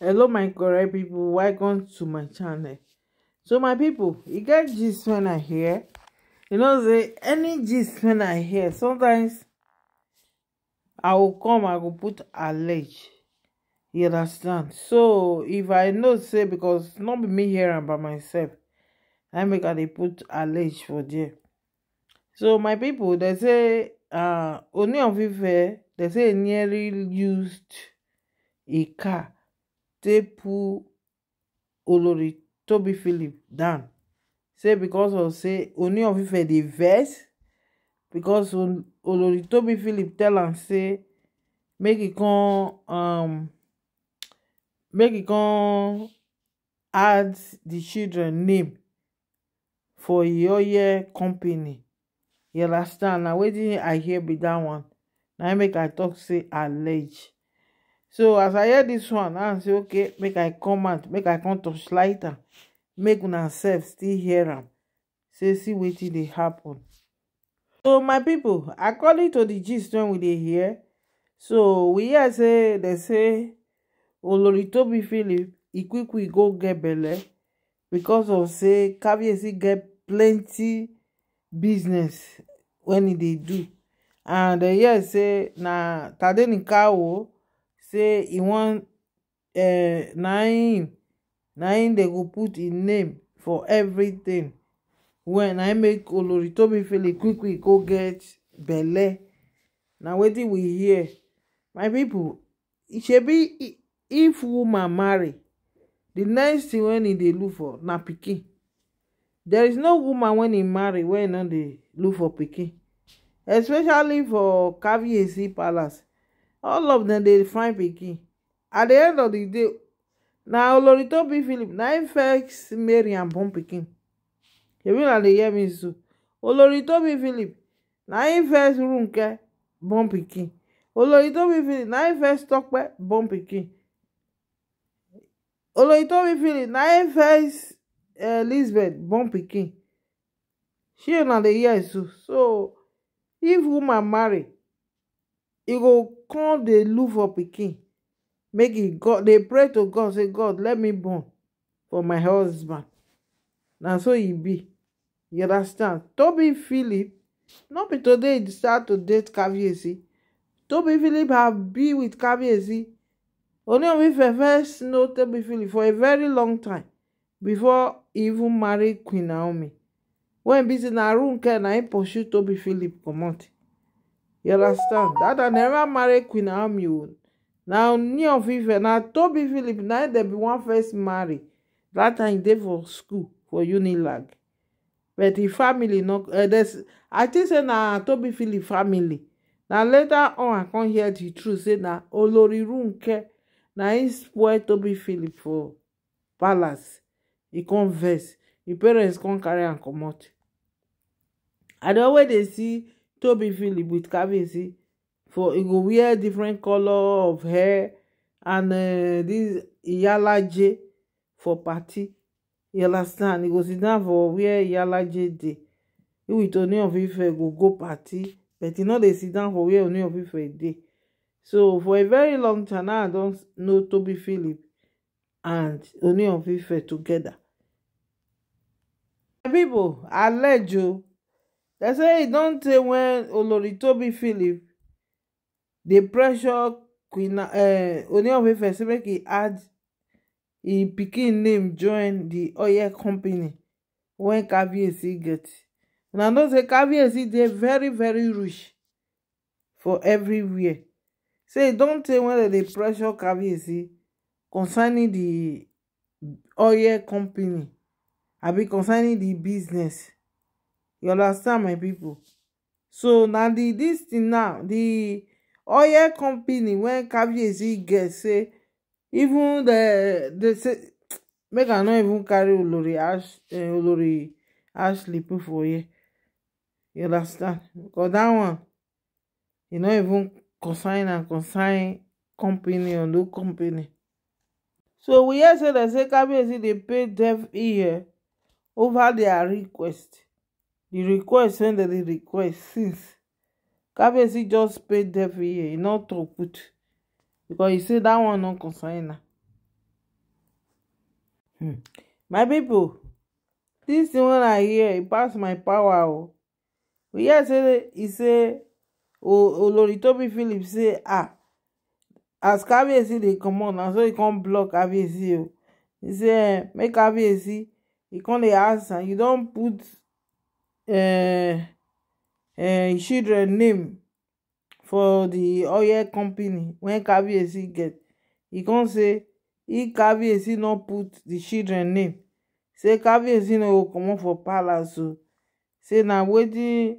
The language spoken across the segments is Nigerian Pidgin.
hello my correct people. welcome to my channel so my people, you get gist when i hear you know the any gist when i hear sometimes i will come i will put allege you understand so if i know say because not be me hear am by myself i make i dey put allege for there so my people, they say uh only of ife dey say nearly used a car table olori tobi philip down say because of say oni of ife dey vex becos olori tobi philip tell am say make e um make e come add the children name for iyoye company you understand na wetin i hear be dat one na make i talk say allege so as i hear this one i say okay make i come comment make i come touch light make una still hear am say see wetin it happen. so my pipo according to the gist when we hear so we hear say they say oloritobi philip e quick we go get belle because of say kabiyesi get plenty business when they e do and dem hear say na tadenikawo say he wan na him na him dem go put him name for everything well na him make oloritobi philip quick quick go get belle na wetin we hear my people, shebi if woman marry the next thing wey he dey look for na pikin there is no woman wen he marry wey e no dey look for pikin especially for caviarcy palace all of them dey fine pikin at the end of the day na oloritobi philip na im vex marry and born pikin una dey hear me so oloritobi philip na im vex runke born pikin oloritobi philip na im vex tope born pikin oloritobi philip na im vex eh, elizabeth born pikin She una dey hear so so if woman marry e go come dey look for pikin make e dey pray to god say god let me born for my husband na so e be you understand toby philip no be today e start to date caviezi toby philip have be with kawiezi oniongefe first know toby philip for a very long time before e even marry queen naomi wen na runke na him pursue toby philip for you understand that i never married queen Amu. Oh. Now, only of ife na tobi philip now they be wan first marry That time e for school for unilag but the family no uh, there's i think say now Toby philip family Now later on i can't hear the truth say now Olori runke. Now him spoil Toby philip for palace He come vex him parents come carry am comot i know where they see Toby Philip with Kabiyesi for he go wear different color of hair and uh, this J for party you understand he go sit down for wear where J day. he with Ooni on Ife go go party but he no dey sit down for where Ooni of Ife day. so for a very long time now I don't know Toby Philip and Ooni of Ife together. People, I let you. say e don tey wen olori tobi phillip dey pressure queen eh, onionfefe say make e add im pikin name join di oye company wey kabe get get. una know say kabe dey very very rich for everywhere say e don tey wen dem dey pressure kabe concerning di oye company be concerning di business. you understand my people. so na the this thing now the oil company wen caviezi get say even the the say make i no even carry olori eh, olori ash put for here you understand because dat one You no even consign and consign company or no company so we hear say dem say caviezi dey pay deaf ear over their request the request when they dey request since kabiyesi just pay every year Not no put because e say that one no concern hmm. my people, this thing wey i hear e pass my power o oh. we hear say he say olori Toby Phillips say ah as kabiyesi dey comot na so e come block kabiyesi oh. He say eh, make kabiyesi he can't dey ask you don't put Eh, eh, uh, uh, children name for the oil company wen kabiyesi get He can say if kabiyesi not put the children name say kabiyesi no go comot for palace So say now wetin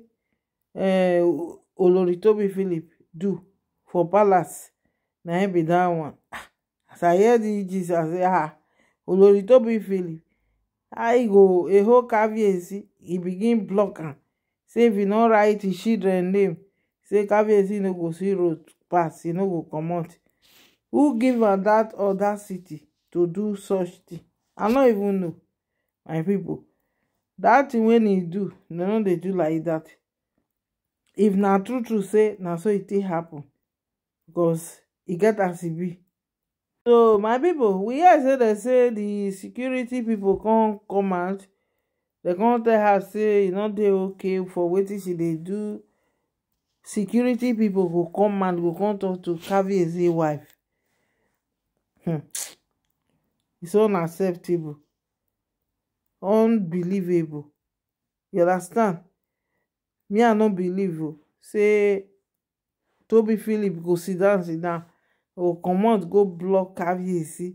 um olori tobi philip do for palace na im be that one ah, as i hear dis gist i say ah Oloritobi philip how e go a whole kabiyesi He begin block am say if he no write e children name say kabiyesi no go see road pass he no go comot who give am that audacity to do such thing i no even know my people, that thing wey e do dem no dey do like that. if na true true say na so e take happen because e get as e be so my people, we hear say dem say the security people come come out De kon te ha se, e non de okey, ou fo weti si dey do, sekyuniti pipo go komand, go kontot to kavyezi wife. Hmm. It's unacceptable. Unbelievable. Yel astan? Mi anon believo. Se, Toby Philip go sidan sidan, ou oh, komant go blok kavyezi,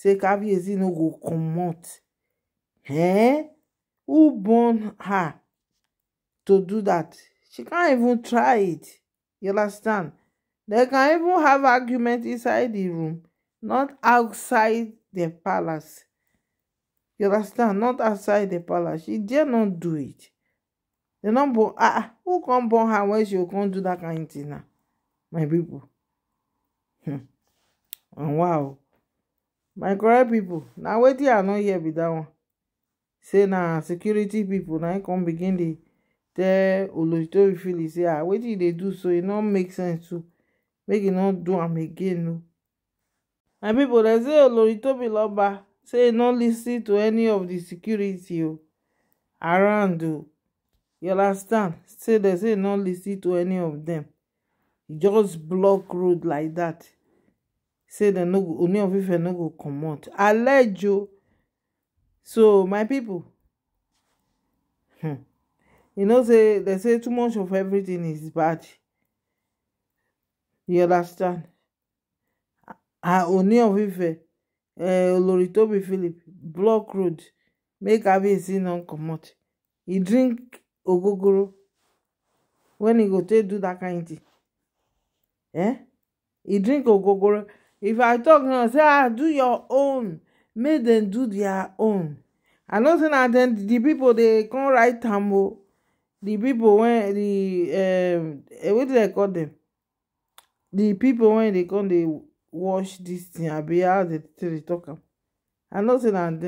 se kavyezi nou go komant. He? Eh? who born her to do that she can't even try it you understand they can even have argument inside the room not outside the palace you understand not outside the palace she dare not do it dem don born ah who can born her wen she go do that kind of thing? na my people. hmm and wow my correct pipo na wetin i not here with that one say na security people, na im come begin dey tell olojito feel say ah wetin e dey do so e no make sense to make e no do am again o my people dem say oloritobi loba say e no listen to any of di security o around o you understand say dem say e no listen to any of dem e just block road like dat say dem no go oni of ife no go comot alejo so my people, hmm, you know say they say too much of everything is bad you understand oni of ife eh, oloritobi philip block road make abc no comot He drink ogogoro When he go take do that kain thing eh He drink ogogoro if i talk now say ah do your own make dem do their own i no say na dem di pipo dey come write am o di pipo wen di wetin dem call dem di pipo wen dey come dey watch dis thing abi how the story talk am i no say na dem.